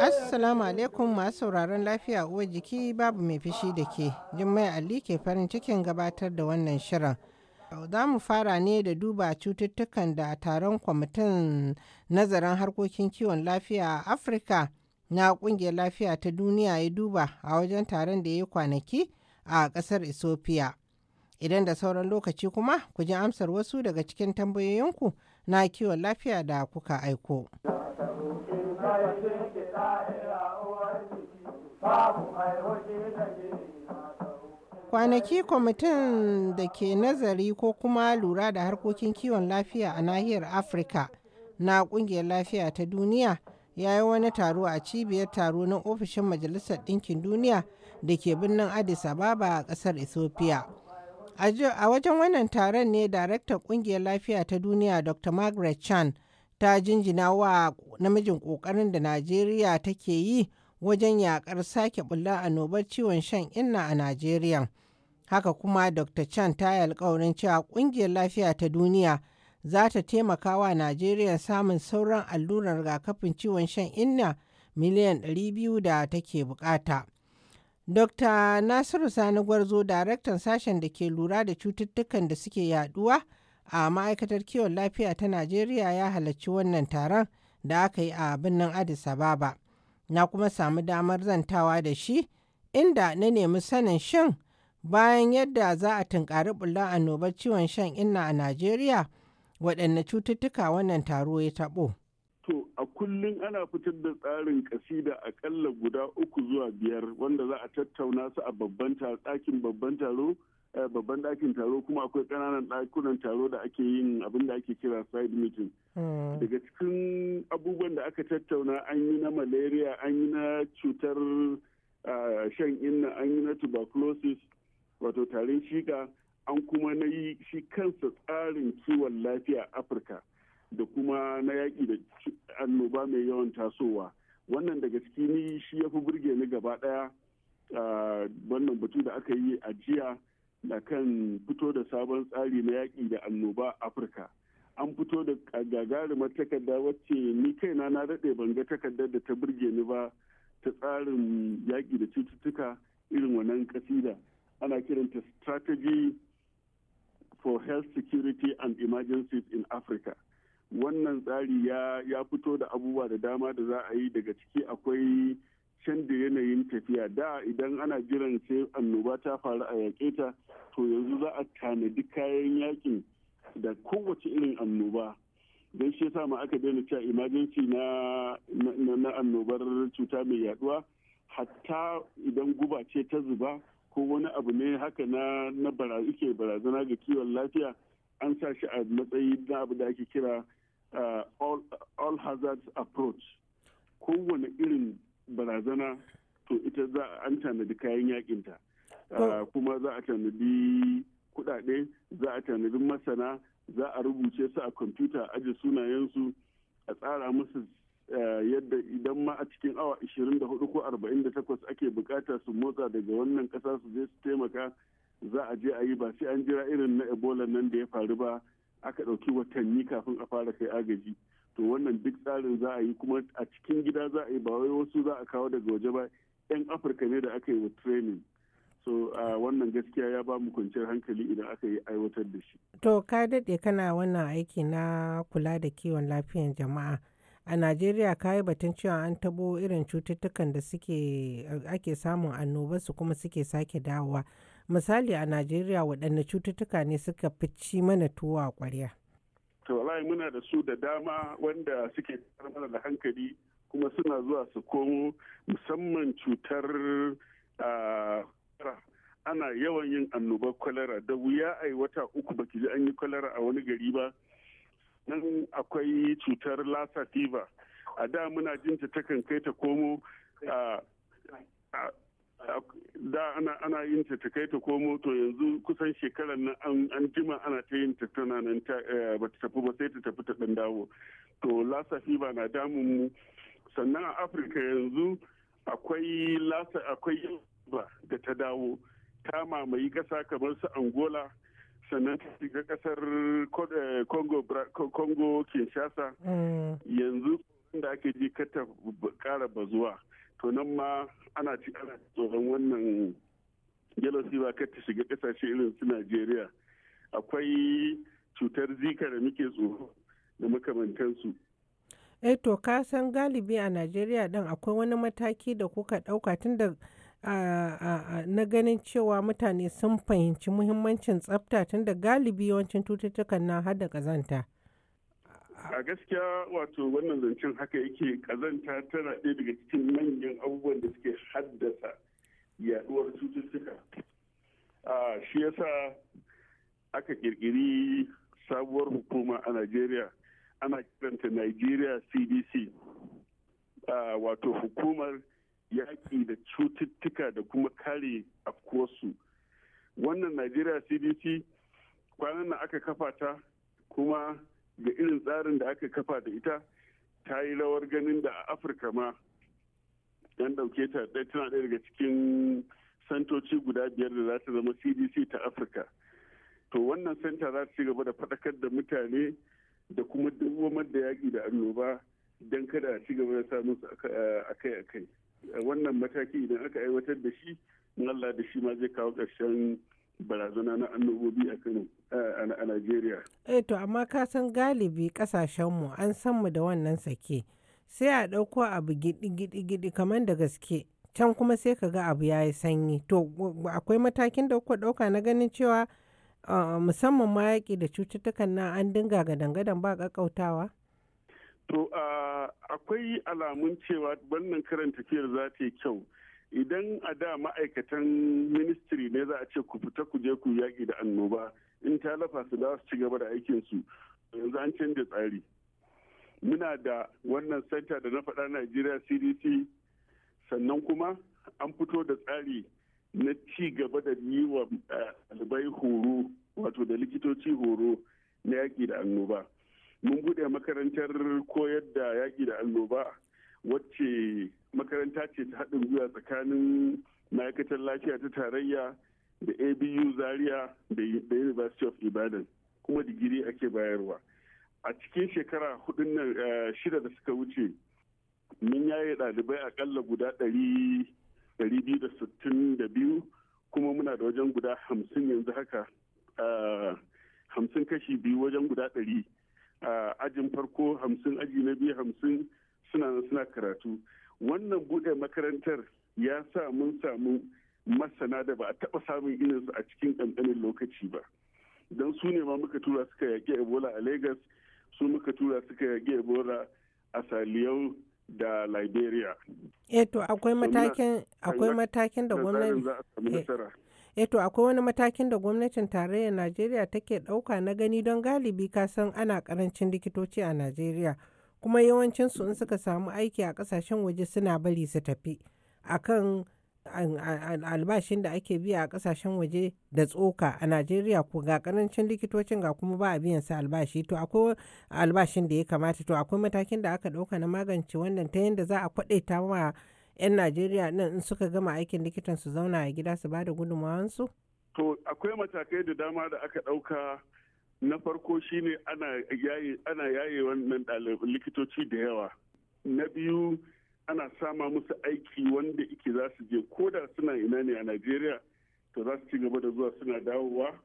Assalamu alaikum masu sauraron lafiya uwar jiki babu mai fishi da ke. Jummai Ali ke farin cikin gabatar da wannan shirin. Za mu fara ne da duba cututtukan da taron kwamitin nazarin harkokin kiwon lafiya a Afirka na kungiyar lafiya ta duniya ya duba a wajen taron da ya yi kwanaki a ƙasar Ethiopia. Idan da sauran lokaci kuma ku ji amsar wasu daga cikin tambayoyinku na kiwon lafiya da kuka aiko. Kwanaki kwamitin da ke nazari ko kuma lura da harkokin kiwon lafiya a nahiyar Afirka na kungiyar lafiya ta duniya ya yi wani taro a cibiyar taro na ofishin Majalisar Ɗinkin Duniya da ke birnin Addis Ababa a ƙasar Ethiopia. A wajen wannan taron ne daraktar kungiyar lafiya ta duniya Dr. Margaret Chan ta jinjina wa namijin kokarin da Najeriya take yi wajen yakar sake bulla annobar ciwon shan inna a Najeriya. Haka kuma Dr. Chan ta yi alkawarin cewa kungiyar lafiya ta duniya za ta taimaka wa Najeriya samun sauran allurar rigakafin ciwon shan inna miliyan 200 da take bukata. Dr. Nasiru Sani Gwarzo, daraktan sashen da ke lura da cututtukan da suke yaduwa a ma'aikatar kiwon lafiya ta Najeriya ya halarci wannan taron da aka yi a birnin Addis Ababa. Na kuma samu damar zantawa da shi inda na nemi sanin shan bayan yadda za a tunkari bulla annobar ciwon shan inna a Najeriya waɗanne cututtuka wannan taro ya taɓo. to a kullum ana fitar da tsarin kasida akalla guda uku zuwa biyar wanda za a tattauna su a babban ɗakin babban taro eh, babban ɗakin taro kuma akwai ƙananan ɗakunan taro da ake yin abin da ake kira side meeting hmm. daga cikin abubuwan da aka tattauna an yi na malaria an yi na cutar ah, shan inna an yi na tuberculosis wato tarin shika an kuma na yi shi kansa tsarin kiwon lafiya afirka da kuma na yaƙi da annoba mai yawan tasowa wannan daga ciki ni shi ya fi burge ni gaba ɗaya wannan batu da aka yi a jiya da kan fito da sabon tsari na yaƙi da annoba afirka an fito da gagarumar takarda wacce ni kaina na daɗe ban ga takardar da ta burge ni ba ta tsarin yaƙi da cututtuka irin wannan kasida ana kiranta strategy for health security and emergencies in africa wannan tsari ya fito da abubuwa da dama da za a yi daga ciki akwai canza yanayin tafiya da idan ana jiran sai annoba ta faru a yaƙe ta to yanzu za a tanadi kayan yakin da kowace irin annoba don shi yasa ma aka daina cewa emergency na na annobar cuta mai yaduwa hatta idan guba ce ta zuba ko wani abu ne haka na na barazana ga kiwon lafiya an sa shi a matsayi na abu da ake kira Uh, all, all hazards approach kowane irin barazana to ita za an tanadi kayan yakinta uh, kuma za a tanadi kudade za a tanadi masana za a rubuce su a kwamfuta aji sunayensu a tsara musu uh, yadda idan ma a cikin awa 24 ko 48 ake bukata su motsa daga wannan kasa su je su taimaka za a je a yi ba sai an jira irin na ebola nan da ya faru ba aka ɗauki watanni kafin a fara kai agaji to wannan duk tsarin za a yi kuma a cikin gida za a yi ba wai wasu za a kawo daga waje ba 'yan afirka ne da aka yi wa training so a wannan gaskiya ya ba mu kwanciyar hankali idan aka yi aiwatar da shi to ka daɗe kana wannan aiki na kula da kiwon lafiyar jama'a a najeriya ka yi batun cewa an tabo irin cututtukan da suke ake samun annoba su kuma suke sake dawowa misali a najeriya waɗanne cututtuka ne suka fi ci mana tuwo a ƙwarya to wallahi muna da su da dama wanda suke tar mana da hankali kuma suna zuwa su komo musamman cutar ana yawan yin annobar kwalara da wuya a yi wata uku baki ji an yi kwalara a wani gari ba nan akwai cutar lassa fever a da muna jinta takan kai ta komo da ana ana yin ta kai ta ko moto yanzu kusan shekarar nan an jima ana ta yin ta tana nan eh, ba ta tafi ba sai ta tafi ta dan dawo to lasa fiba na damun mu sannan a afirka yanzu akwai lasa akwai ba da ta dawo ta mamayi ƙasa kamar su angola sannan ta shiga kasar eh, congo kinshasa mm. yanzu da ake ji kata kara bazuwa to nan ma ana ci ana tsoron wannan jealousy ba ta shiga kasashe irin su Najeriya akwai cutar zika da muke tsoro da makamantansu. Eh to ka san galibi a Najeriya din akwai wani mataki da kuka dauka tun da na ganin cewa mutane sun fahimci muhimmancin tsafta tun da galibi yawancin cututtukan na hada ƙazanta. a gaskiya wato wannan zancen haka yake kazanta tana ɗaya daga cikin manyan abubuwan da suke haddasa yaduwar cututtuka shi yasa aka kirkiri sabuwar hukuma a najeriya ana kiranta nigeria cdc wato hukumar yaƙi da cututtuka da kuma kare afkuwarsu wannan nigeria cdc kwanan nan aka kafa ta kuma ga irin tsarin da aka kafa da ita ta yi rawar ganin da a afirka ma an ɗauke ta ɗaya tana ɗaya daga cikin santoci guda biyar da za ta zama cdc ta afirka to wannan santa za ta ci gaba da faɗakar da mutane da kuma dawamar da yaƙi da annoba don kada a ci gaba da samun su akai kai wannan mataki idan aka aiwatar da shi in allah da shi ma zai kawo ƙarshen barazana na annobobi a kan a Najeriya. Eh to amma ka san galibi kasashenmu an san mu da wannan sake. Sai a ɗauko abu gidi-gidi kamar da gaske. Can kuma sai ka ga abu ya yi sanyi. To akwai matakin da kuka ɗauka na ganin cewa musamman ma yaƙi da cututtukan na an dinga gadan-gadan ba ƙaƙƙautawa? To akwai alamun cewa wannan karan tafiyar za ta yi kyau. idan a da ma'aikatan ministry ne za a ce ku fita ku je ku yaƙi da annoba in ta lafa su za su ci gaba da aikinsu yanzu an canja tsari muna da wannan center da na faɗa nigeria cdc sannan kuma an fito da tsari na ci gaba da yi wa eh, ɗalibai horo wato da likitoci horo na yaƙi da annoba mun buɗe makarantar koyar da yaƙi da annoba wacce makaranta ce ta haɗin gwiwa tsakanin ma'aikatar lafiya ta tarayya da abu zaria da university of ibadan kuma digiri ake bayarwa a cikin shekara hudun nan eh, shida da suka wuce mun yaye ɗalibai akalla guda ɗari biyu da sittin da biyu kuma muna da wajen guda hamsin yanzu haka eh, hamsin kashi biyu wajen guda ɗari eh, ajin farko hamsin aji na biyu hamsin suna nan suna karatu wannan bude makarantar ya sa mun samu masana da ba a taba samun irinsu a cikin ƙanƙanin lokaci ba don su ne ma muka tura suka yaƙi ebola a lagos su muka tura suka yaƙi ebola a saliyau da liberia eto eh akwai matakin akwai matakin da gwamnati eto eh, eh akwai wani matakin da gwamnatin tarayyar najeriya take ɗauka na gani don galibi kasan ana karancin likitoci a najeriya kuma yawancinsu in suka samu aiki a kasashen waje suna bari su tafi akan albashin da ake biya a kasashen waje da tsoka a najeriya ko ga karancin likitocin ga kuma ba a biyan su albashi to akwai albashin da ya kamata to akwai matakin da aka ɗauka na magance wannan ta yadda za a ta wa 'yan najeriya nan in suka gama aikin likitan su zauna a gida su ba da gudunmawansu? to akwai matakai da dama da aka ɗauka na farko shine ana yaye wannan ɗaliban likitoci da yawa na biyu ana sama musu aiki wanda ike za su je koda suna ina ne a najeriya to za su ci gaba da zuwa suna dawowa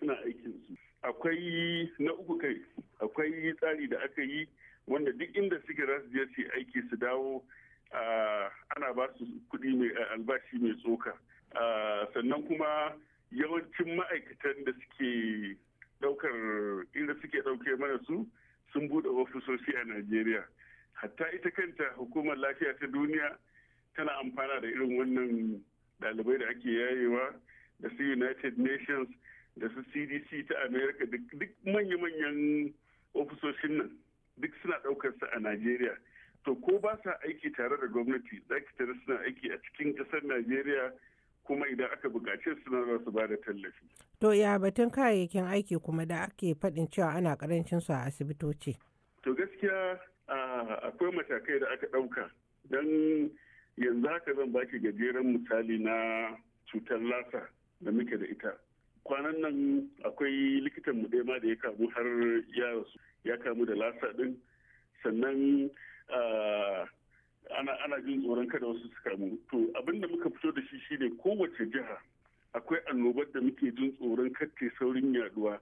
suna aikinsu akwai na uku kai akwai tsari da aka yi wanda duk inda suke za su je su aiki su dawo ana ba su kuɗi mai albashi mai tsoka sannan kuma yawancin ma'aikatan da suke daukar inda suke dauke mana su sun bude ofisoshi a najeriya hatta ita kanta hukumar lafiya ta duniya tana amfana da irin wannan dalibai da ake yayewa da su united nations da su cdc ta america duk manya-manyan ofisoshin nan duk suna daukar su a najeriya to ko ba sa aiki tare da gwamnati za ki tare suna aiki a cikin ƙasar najeriya kuma idan aka buƙace su na za su ba da tallafi. To ya batun kayayyakin aiki kuma da ake faɗin cewa ana ƙarancin su a asibitoci. To gaskiya akwai matakai da aka ɗauka don yanzu haka zan baki gajeren misali na cutar lasa da muke da ita. Kwanan nan akwai likitan mu ɗaya ma da ya kamu har ya kamu da lasa ɗin sannan ana jin tsoron kada wasu su kamu to abin da muka fito da shi shine kowace jiha akwai annobar da muke jin tsoron kake saurin yaduwa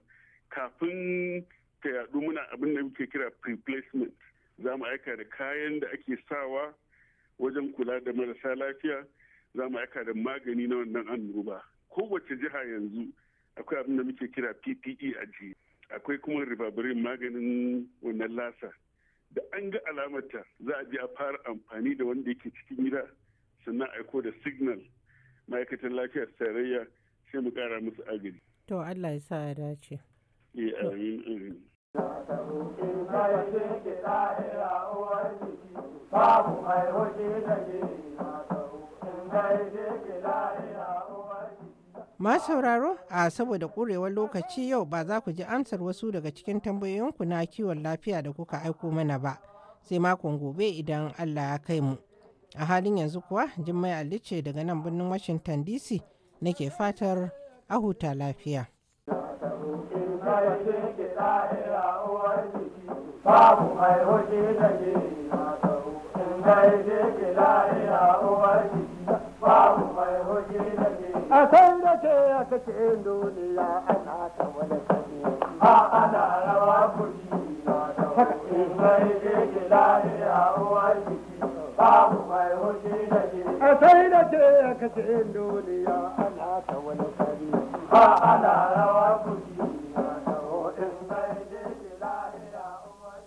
kafin ta yadu muna abin da muke kira pre-placement za mu aika da kayan da ake sawa wajen kula da marasa lafiya za mu aika da magani na wannan annoba kowace jiha yanzu akwai abin da muke kira ppe a ji akwai kuma ribabirin maganin wannan lasa da an ga alamarta za a je a fara amfani da wanda yake cikin gida sannan aiko da signal ma'aikatan lafiyar tarayya sai mu kara musu agaji. To Allah ya sa ya dace. Eh Babu mai hoji da ke na in Ma sauraro a saboda ƙurewar lokaci yau ba za ku ji amsar wasu daga cikin tambayoyinku na kiwon lafiya da kuka aiko mana ba sai makon gobe idan Allah ya kai mu. A halin yanzu kuwa Jummai Alice daga nan birnin Washington DC nake fatar a huta lafiya. Babu mai da ke babu mai hoji da ke a kai da ke a kace duniya ana ta wani kare a ana rawa kuri sai ke gida ne a uwar jiki babu mai hoshi da ke a kai da ke a kace duniya ana ta wani kare a ana rawa kuri